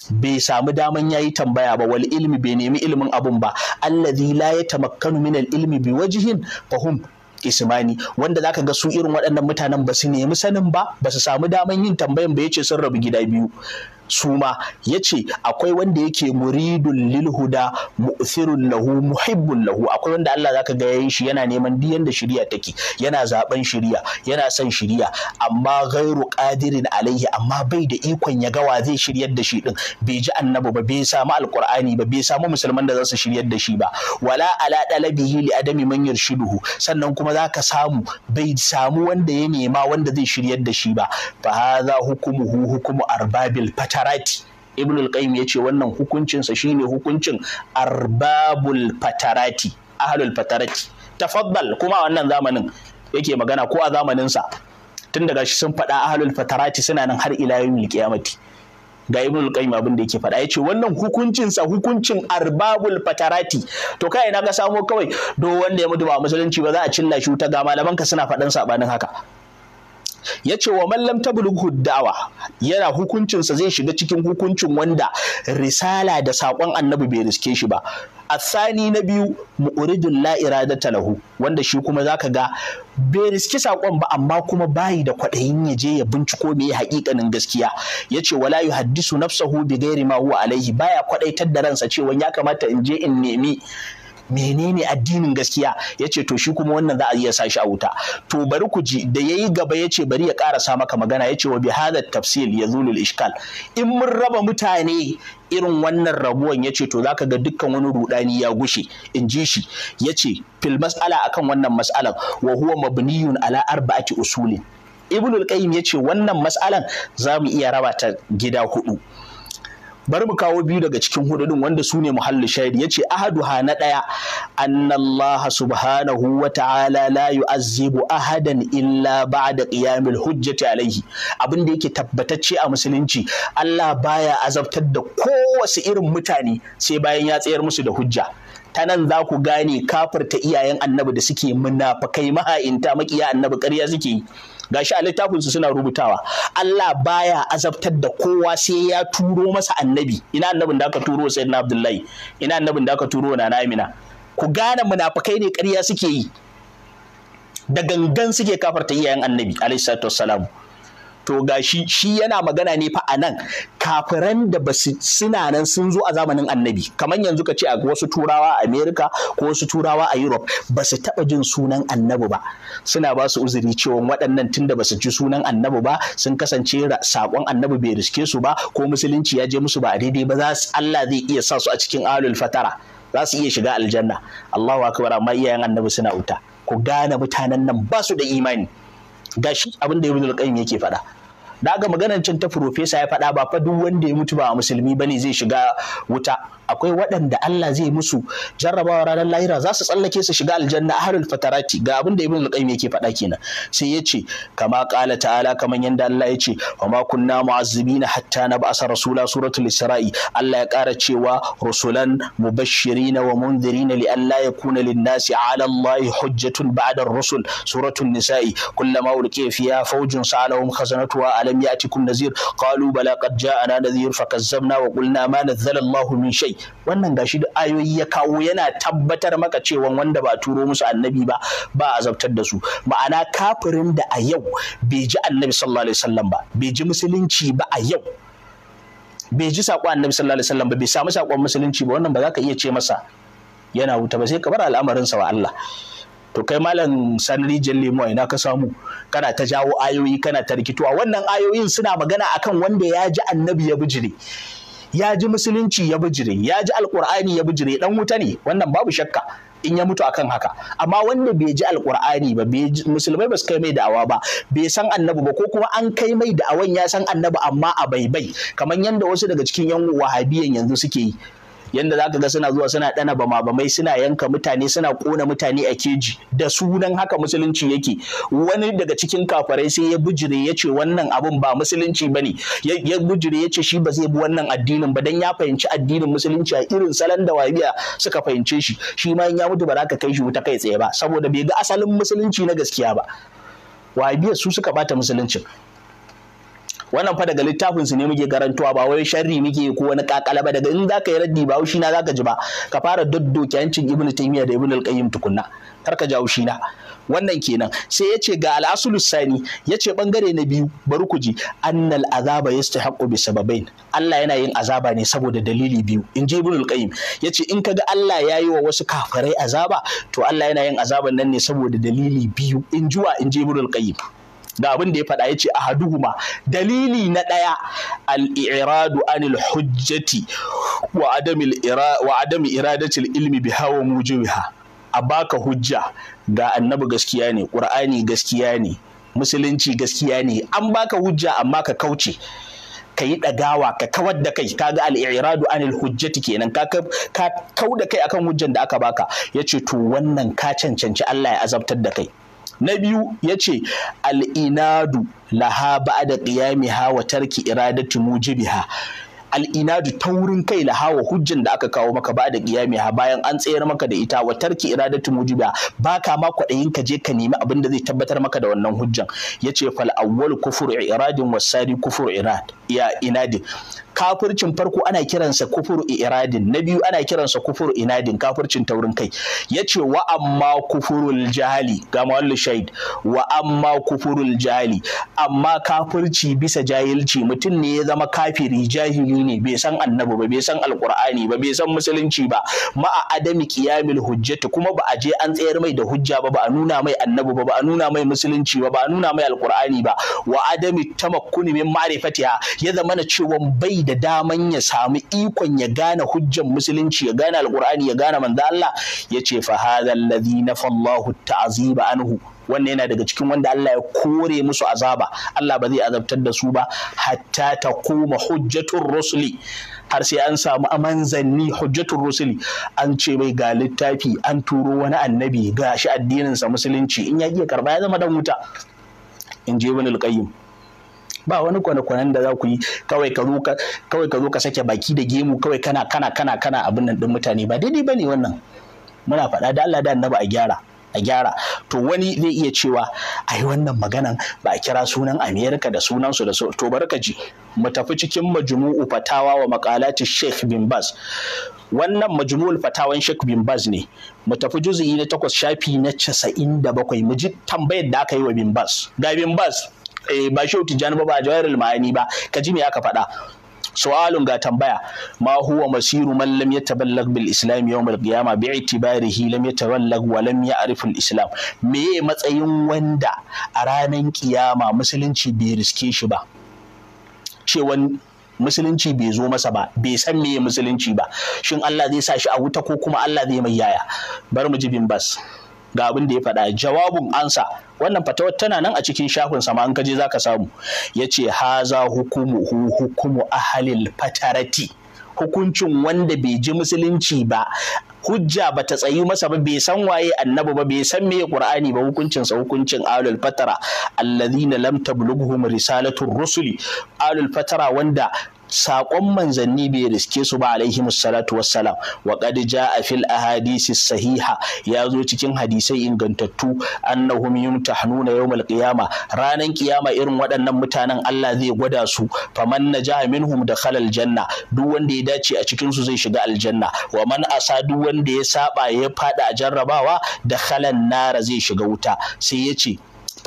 bai samu daman yayi tambaya ba wal ilmi bai nemi ilimin abun ba allazi la yatamakkanu min al ilmi bi wajhin fahum ismani wanda zaka ga su irin waɗannan mutanen ba su nemi sanin ba ba su samu daman yin tambayan ba yace sun rabu gida biyu suma ya ce akwai wanda yake muridun lil huda lahu muhibbun lahu akwai wanda Allah zaka ga yayin shi yana neman duk yanda shiriya take yana zaben shiriya yana son shiriya amma ghairu qadirin alaihi amma bai da ikon ya gawa zai shiryar da shi din bai ji annabi ba bai samu alqur'ani ba bai samu musulman da za su shiryar da shi ba wala ala dalabihi li adami man yarshiduhu sannan kuma zaka samu bai samu wanda ya nema wanda zai shiryar da shi ba fa hadha hukumuhu hukumu arbabil fata fatarati ibn al-qayyim yace wannan hukuncinsa shine hukuncin arbabul fatarati ahlul fatarati tafaddal kuma wannan zamanin yake magana ko a zamaninsa tun daga shi sun faɗa ahlul fatarati suna nan har ila yawmil qiyamati ga ibn al-qayyim abin da yake faɗa yace wannan hukuncinsa hukuncin arbabul fatarati to kai na ga samo kawai do wanda ya mutu ba musulunci ba za a cilla shi ta ga malaman ka suna faɗan sabanin haka ya ce wa mallam tablughu da'wa yana hukuncinsa zai shiga cikin hukuncin wanda risala da saƙon annabi bai riske shi ba A asani na biyu mu'uridun la iradata talahu, wanda shi kuma zaka ga bai riski saƙon ba amma kuma bayi da kwaɗayin ya je ya binciko mai haƙiƙanin gaskiya ce wala haddisu nafsahu bi ghairi ma huwa alaihi baya kwaɗaitar da ransa cewa ya kamata in je in nemi menene addinin gaskiya ya ce to shi kuma wannan za a iya sa shi a wuta to bari ku ji da yayi gaba ya ce bari ya karasa maka magana ya ce wa bi hadha tafsil zulul ishkal in mun raba mutane irin wannan rabuwan ya ce to zaka ga dukkan wani rudani ya gushe in ji shi ya ce fil mas'ala akan wannan mas'alan wa huwa mabniyun ala arba'ati usulin ibnul qayyim ya ce wannan mas'alan za mu iya raba ta gida hudu bari mu kawo biyu daga cikin hududin wanda su ne muhallu ya yace ahaduha na ɗaya. annallaha subhanahu wa ta'ala la yu'azzibu ahadan illa ba'da qiyamil hujjati alaihi abin da yake tabbatacce a musulunci Allah baya azabtar da kowace irin mutane sai bayan ya tsayar musu da hujja ta nan za ku gane kafirta iyayen annabi da suke munafakai maha'inta makiya annabi ƙarya suke yi gashi a littafinsu suna rubutawa Allah baya azabtar da kowa sai ya turo masa annabi ina annabin da aka turo na Abdullahi ina annabin da aka turo na Amina ku gane munafikai ne ƙarya suke yi da gangan suke kafarta iyayen annabi alaihi salatu wassalam to gashi shi yana magana ne fa anan nan kafiran da ba suna nan sun zo a zamanin annabi kamar yanzu ka ce a wasu turawa a Amerika ko wasu turawa a europe ba su taɓa jin sunan annabi ba suna ba su uzuri cewa waɗannan tunda ba su ji sunan annabi ba sun kasance sakon annabi bai riske su ba ko musulunci ya je musu ba a daidai ba za su allah zai iya sa su a cikin alul fatara za su iya shiga aljanna allahu akbar amma iyayen annabi suna wuta ku gane mutanen nan ba su da imani gashi abin da ibnul qayyim yake faɗa da ga maganar can ta profesa ya faɗa ba fa duk wanda ya mutu ba a musulmi bane zai shiga wuta akwai waɗanda Allah zai musu jarrabawa ranar lahira za su tsallake su shiga aljanna ahlul fatarati ga abin da ibn al-qayyim yake faɗa kenan sai yace kama qala ta'ala kaman yanda Allah ya ce. wa ma kunna mu'azzibina hatta nab'asa rasula suratul isra'i Allah ya ƙara cewa rusulan mubashirina wa munzirina li an la yakuna lin-nasi 'ala Allah hujjatun ba'da ar-rusul suratul nisa'i kullama ulqiya fiha fawjun sa'alahum khazanatuha alam ya'tikum nazir qalu bala qad ja'ana nadhir fakazzabna wa qulna ma nazzala Allahu min shay wannan gashi da ayoyi ya kawo yana tabbatar maka cewa wanda ba turo musu annabi ba ba azabtar da su ma'ana kafirin da a yau bai ji annabi sallallahu alaihi wasallam ba bai ji musulunci ba a yau bai ji saƙon annabi sallallahu alaihi wasallam ba bai samu saƙon musulunci ba wannan ba za ka iya ce masa yana wuta ba sai ka bar al'amarinsa wa Allah to kai malam sanari lemo ina ka samu kana ta jawo ayoyi kana ta rikituwa wannan ayoyin suna magana akan wanda ya ji annabi ya bijire ya ji musulunci ya bijire ya ji alkur'ani ya bijire dan wuta ne wannan babu shakka in ya mutu akan haka amma wanda bai ji alkur'ani ba musulmai ba su kai mai da'awa ba bai san annabi ba ko kuma an kai mai da'awan ya san annabi amma a bai-bai. kamar yadda wasu daga cikin yan wahabiyan yanzu suke yi yanda zaka ga suna zuwa suna ɗana bama bamai suna yanka mutane suna kona mutane a keji da sunan haka musulunci yake wani daga cikin kafarai sai ya bujire ya ce wannan abun ba musulunci bane ya bujire ya ce shi ba zai bi wannan addinin ba dan ya fahimci addinin musulunci a irin salon da wabiya suka fahimce shi shi ma in ya mutu ba za ka kai shi wuta kai tsaye ba saboda bai ga asalin musulunci na gaskiya ba wabiya su suka bata musuluncin wannan fa daga littafin su ne muke garantuwa ba wai sharri muke ko wani kakala ba daga in zaka yi raddi ba haushi na zaka ji ba ka fara doddoke yancin ibnu taymiya da ibnu alqayyim tukunna kar ka jawo shi na wannan kenan sai ya ce ga al'asulu sani ya ce bangare na biyu bari ku ji annal azaba yastahiqu bi sababain Allah yana yin azaba ne saboda dalili biyu in ji ibnu alqayyim ya ce in kaga Allah ya yi wa wasu kafirai azaba to Allah yana yin azaban nan ne saboda dalili biyu in ji wa in ji ibnu alqayyim da abin da ya faɗa ya ce ahaduhuma dalili na ɗaya al’iradu iradu anil hujjati wa adami iradacin iradatil ilmi bi hawa mujibiha a baka hujja ga annabi gaskiya ne Ƙur'ani gaskiya ne musulunci gaskiya ne an baka hujja amma ka kauce ka yi ɗagawa ka kawar da kai ka ga aliradu anil hujjati kenan ka kau da kai akan hujjan da aka baka Ya ce to wannan ka cancanci Allah ya azabtar da kai na biyu ya ce al'inadu laha ba'da ƙiyamiha wa tarki iradatu mujibiha al'inadu ta wurin kai la hawa hujjan da aka kawo maka ba da ƙiyami ha bayan an tsayar maka da ita wa tarki iradatu mujiba ba ka ma kwaɗayin ka je ka nemi abin da zai tabbatar maka da wannan hujjan yace fal awwal kufur iradin wasari kufur irad inadin kafircin farko ana kiransa kufur iradin na biyu ana kiransa kufur inadin kafircin taurin kai Ya wa amma kufurul jahali ga mawallu shaid wa amma kufurul jahali amma kafirci bisa jahilci mutum ne ya zama kafiri jahili ne bai san annabi ba bai san alkur'ani ba bai san musulunci ba ma'a adami qiyamil hujjati kuma ba a je an tsayar mai da hujja ba ba a nuna mai annabi ba ba a nuna mai musulunci ba ba a nuna mai alkur'ani ba wa adami tamakkuni min ma'rifatiha ya zama na cewa bai da daman ya samu ikon ya gane hujjan musulunci ya gane alkur'ani ya gane manzo Allah ya ce fa hadha alladhi nafallahu ta'ziba anhu wannan yana daga cikin wanda Allah ya kore musu azaba Allah ba zai azabtar da su ba hatta ta koma hujjatul rusuli har sai an samu amanzanni hujjatul rusuli an ce mai ga littafi an turo wani annabi ga shi addininsa musulunci in ya iya karba ya zama dan wuta in je bani alƙayyim ba wani kwane-kwanen da za ku yi kawai ka zo ka sake baki da gemu kawai kana kana kana kana abin nan din mutane ba daidai ba ne wannan muna faɗa da Allah da annaba a gyara a gyara to wani zai iya cewa a yi wannan maganan ba a kira sunan amerika da sunansu da to barka ji mu tafi cikin majmu'u fatawa wa makalati sheikh bin baz wannan majmu'ul fatawan sheikh bin baz ne mu tafi juzu'i na takwas shafi na casa'in da bakwai mu ji tambayar da aka yi wa bin baz ga bin baz Eh, ba shehu tijjani ba ba jawar ma'ani ba ka ji me aka faɗa su'alun ga tambaya ma huwa masiru man lam yataballag bil islam yawm al qiyamah bi itibarihi lam yataballag wa lam ya'rif al islam meye matsayin wanda a ranar kiyama musulunci bai riske shi ba cewan musulunci bai zo masa ba bai san meye musulunci ba shin Allah zai sa shi a wuta ko kuma Allah zai mai yaya bar mu jibin bas ga abin da ya faɗa jawabin ansa wannan fatawar tana nan a cikin shafin sama an kaje zaka samu yace haza hukumu hu hukumu ahalil fatarati hukuncin wanda bai ji musulunci ba hujja ba ta tsayi masa ba bai san waye annabi ba bai san meye qur'ani ba hukuncin sa hukuncin alul fatara alladhina lam tablughuhum risalatu rusuli alul fatara wanda saƙon manzanni bai riske su ba alaihi musallatu wassalam wa qad jaa fil ahadisi sahiha ya zo cikin hadisai ingantattu annahum yumtahnuna yawmal qiyama ranan kiyama irin waɗannan mutanen Allah zai gwada su faman najaha minhum dakhala janna. duk wanda ya dace a cikin su zai shiga aljanna wa man asa duk wanda ya saba ya fada a jarrabawa dakhala nara zai shiga wuta sai ya ce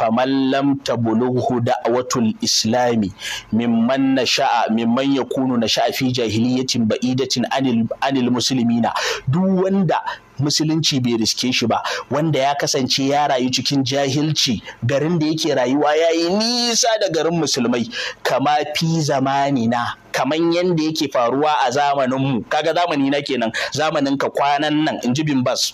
faman lam tabulughu da'watul islami mimman nasha'a mimman yakunu nasha'a fi jahiliyyacin ba'idatin anil anil muslimina duk wanda musulunci bai riske shi ba wanda ya kasance ya rayu cikin jahilci garin da yake rayuwa ya yi nisa da garin musulmai kama fi zamani zamanina kaman yanda yake faruwa a zamaninmu kaga zamani na kenan zamanin ka kwanan nan in ji bin bas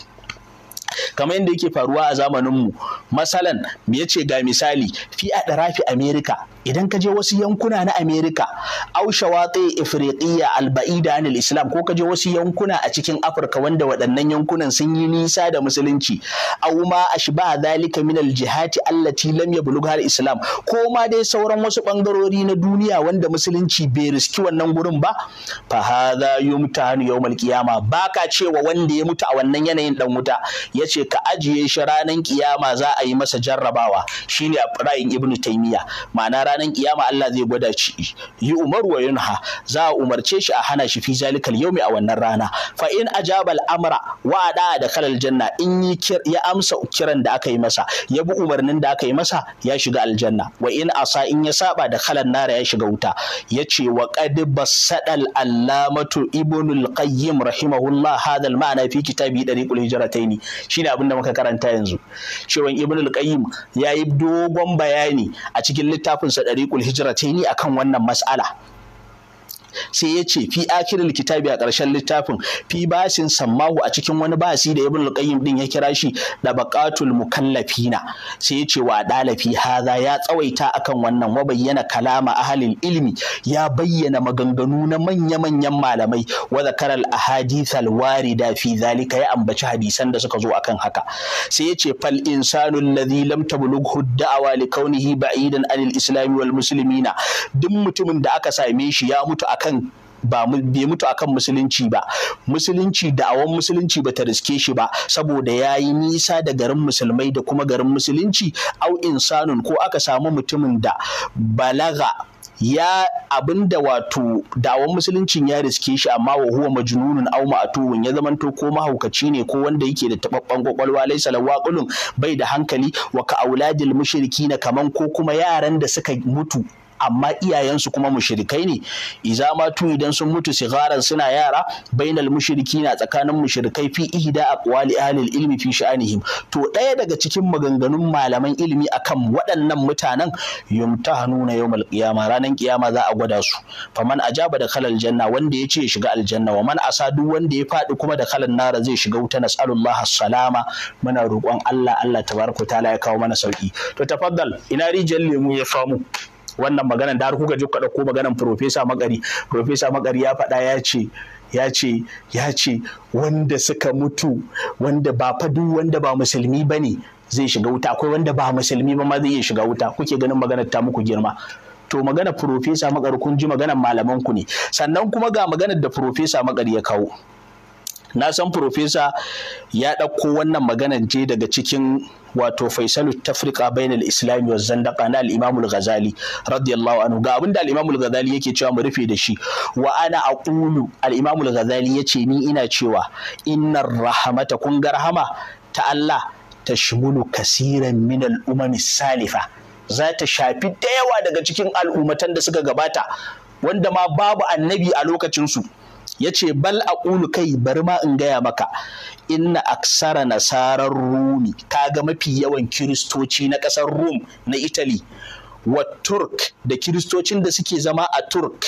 kamar yadda yake faruwa a zamaninmu masalan ya ce ga misali fi a ɗarafi amerika idan ka je wasu yankuna na Amerika au shawati ifriqiyya alba'ida anil islam ko ka je wasu yankuna a cikin Afirka wanda waɗannan yankunan sun yi nisa da musulunci au ma ashba zalika min aljihati allati lam yablugha islam ko ma dai sauran wasu bangarori na duniya wanda musulunci bai riski wannan gurin ba fa hadha yumtahanu yawmal qiyama baka cewa wanda ya mutu a wannan yanayin dan wuta yace ka ajiye shi ranan kiyama za a yi masa jarrabawa shine Ibrahim ibnu taymiya ma'ana ranar kiyama Allah zai gwada shi yi umar wa yunha za a umarce shi a hana shi fi zalikal yaumi a wannan rana fa in ajabal amra wa da kalal janna in yi ya amsa kiran da aka yi masa ya bi umarnin da aka yi masa ya shiga aljanna wa in asa in ya saba da kalan nara ya shiga wuta ya ce wa qad basadal allamatu ibnul qayyim rahimahullah hadal ma'ana fi kitabi dariqul hijrataini shine abin da muka karanta yanzu cewa ibnul qayyim yayi dogon bayani a cikin littafin rubuta ɗariƙul hijira ta ni akan wannan mas'ala sai ya ce fi akirin kitabi a ƙarshen littafin fi basin sammahu a cikin wani basi da ibn al-qayyim din ya kira shi da baqatul mukallafina sai ya ce wa dalafi haza ya tsawaita akan wannan wa bayyana kalama ahalin ilmi ya bayyana maganganu na manya-manyan malamai wa zakara al-ahadith al-warida fi zalika ya ambaci hadisan da suka zo akan haka sai ya ce fal insanu alladhi lam tablughu da'awa li kaunihi ba'idan anil islami wal muslimina duk mutumin da aka same shi ya mutu a akan ba bai mutu akan musulunci ba musulunci da'awan musulunci ba ta riske shi ba saboda ya yi nisa da garin musulmai da kuma garin musulunci au insanun ko aka samu mutumin da balaga ya abinda wato dawon musuluncin ya riske shi amma wa huwa majnunun aw ma'tuwun ya zamanto ko mahaukaci ne ko wanda yake da tababban kwakwalwa laysa lawaqulun bai da hankali wa ka auladil mushrikin kaman ko kuma yaran da suka mutu amma iyayensu kuma mushrikai ne iza ma tu idan sun mutu sigaran suna yara bainal mushriki na tsakanin mushrikai fi ihda aqwali ahlil ilmi fi sha'anihim to ɗaya daga cikin maganganun malaman ilimi akan waɗannan mutanen yumtahanuna yawmal qiyama ranan qiyama za a gwada su faman ajaba da khalal janna wanda ya ce shiga aljanna wa man asa duk wanda ya faɗi kuma da kalan nara zai shiga wuta nas'alullah salama muna roƙon Allah Allah tabaraka taala ya kawo mana sauki to tafaddal ina rijal lemu ya famu wannan maganan da har kuka ji kuka ɗauko maganan Profesa Makari Profesa Makari ya faɗa ya ce ya ce ya ce wanda suka mutu wanda ba fadu wanda ba musulmi ba ne zai shiga wuta akwai wanda ba musulmi ba ma zai iya shiga wuta kuke ganin maganar ta muku girma to magana profesa makari kun ji maganar malaman ku ne sannan kuma ga maganar da profesa makari ya kawo na san profesa ya ɗauko wannan maganar je daga cikin wato faisalu tafriqa bainal islami wa zandaka na al-imamul ghazali radiyallahu anhu ga abinda al-imamul ghazali yake cewa mu rufe da shi wa ana aqulu al-imamul ghazali yace ni ina cewa innar rahmata kun ga rahama ta Allah ta tashmulu kasiran min al umam salifa za ta shafi da yawa daga cikin al'ummatan da suka gabata wanda ma babu annabi a lokacinsu ya ce bal a kai bari ma in gaya maka inna aksara nasarar rumi kaga mafi yawan kiristoci na ƙasar rum na italy wa turk da kiristocin da suke zama a turk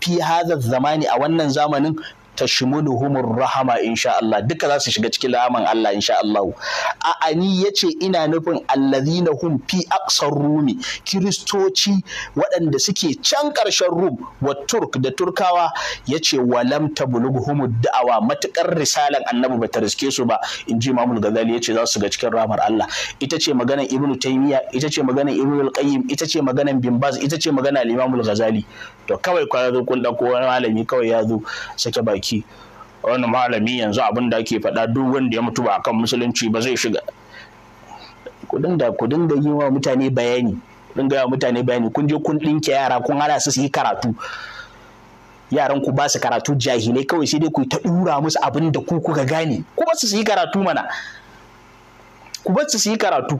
fi hadha zamani a wannan zamanin humur rahama insha Allah duka za su shiga cikin rahaman Allah insha Allah a ani yace ina nufin allazina hum fi aqsar rumi kiristoci waɗanda suke can karshen rum wa turk da turkawa yace walam tablughumu da'awa matukar risalan annabi bata riske su ba inji Imam Ghazali yace za su shiga cikin rahamar Allah ita ce maganar Ibn taymiya ita ce maganar Ibn al ita ce maganar Bin Baz ita ce maganar Imam Ghazali to kawai kwa zo kun dauko wani malami kawai ya zo sake baki aiki wani malami yanzu abin da ake faɗa duk wanda ya mutu ba akan musulunci ba zai shiga kudin da yi wa mutane bayani kudin ga mutane bayani kun je kun ɗinke yara kun hada su su yi karatu yaran ku ba su karatu jahilai kawai sai dai ku ta ɗura musu abin da ku kuka gane ku ba su su yi karatu mana ku ba su su yi karatu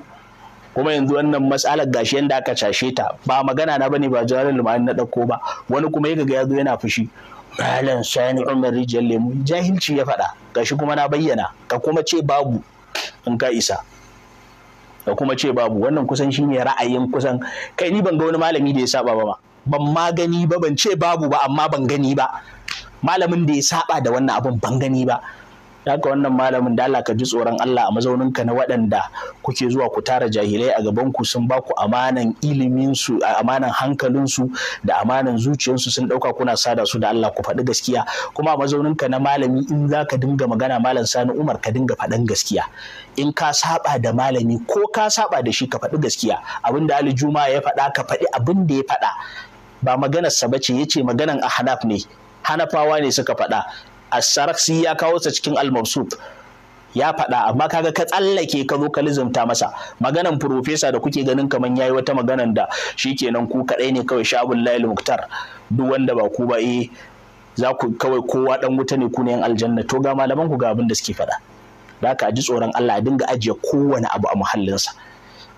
kuma yanzu wannan matsalar gashi yanda aka cashe ta ba magana na bane ba jawarin lumani na ɗauko ba wani kuma ya ga ya yana fushi malam sani umar Rijiyar, lemu jahilci ya faɗa gashi kuma na bayyana ka kuma ce babu in ka isa ka kuma ce babu wannan kusan shi ne ra'ayin kusan kai ni ban ga wani malami da ya saba ba ma ban ma gani ba ban ce babu ba amma ban gani ba malamin da ya saba da wannan abun ban gani ba haka wannan malamin da Allah ka ji tsoron Allah a mazauninka na waɗanda kuke zuwa ku tara jahilai a gabanku ku sun ku amanan ilimin amanan hankalinsu, da amanan zuciyar su sun dauka kuna sada su da Allah ku faɗi gaskiya kuma a mazauninka na malami in za ka dinga magana malam Sani Umar ka dinga faɗan gaskiya in ka saba da malami ko ka saba da shi ka faɗi gaskiya abinda Ali Juma ya faɗa ka faɗi abin da ya faɗa ba maganarsa ba ce ya ce maganan a ne hanafawa ne suka faɗa asharaksi ya kawo sa cikin al ya faɗa amma kaga ka tsallake ka zo ka lizumta masa maganan profesa da kuke ganin kaman yayi wata maganan da shi shikenan ku kadai ne kawai shabul lail muktar duk wanda ba ku ba eh za ku kawai kowa dan wuta ne ku ne yan aljanna to ga malaman ku ga abin da suke faɗa da haka a ji tsoron Allah a dinga ajiye kowane abu a muhallinsa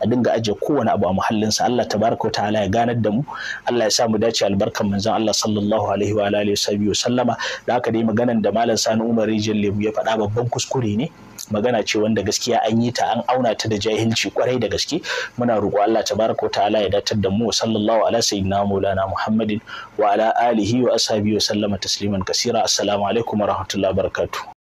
a dinga ajiye kowane abu a muhallinsa Allah tabaraka ta'ala ya ganar da mu Allah ya sa mu dace albarkan manzon Allah sallallahu alaihi wa alihi wa sallama da haka dai maganan da malam Sani Umar Rijal Lebu ya faɗa babban kuskure ne magana ce wanda gaskiya an yi ta an auna ta da jahilci kwarai da gaske muna roƙo Allah tabaraka ta'ala ya datar da mu sallallahu ala sayyidina maulana Muhammadin wa ala alihi wa ashabihi wa sallama tasliman kasira assalamu alaikum wa rahmatullahi wa barakatuh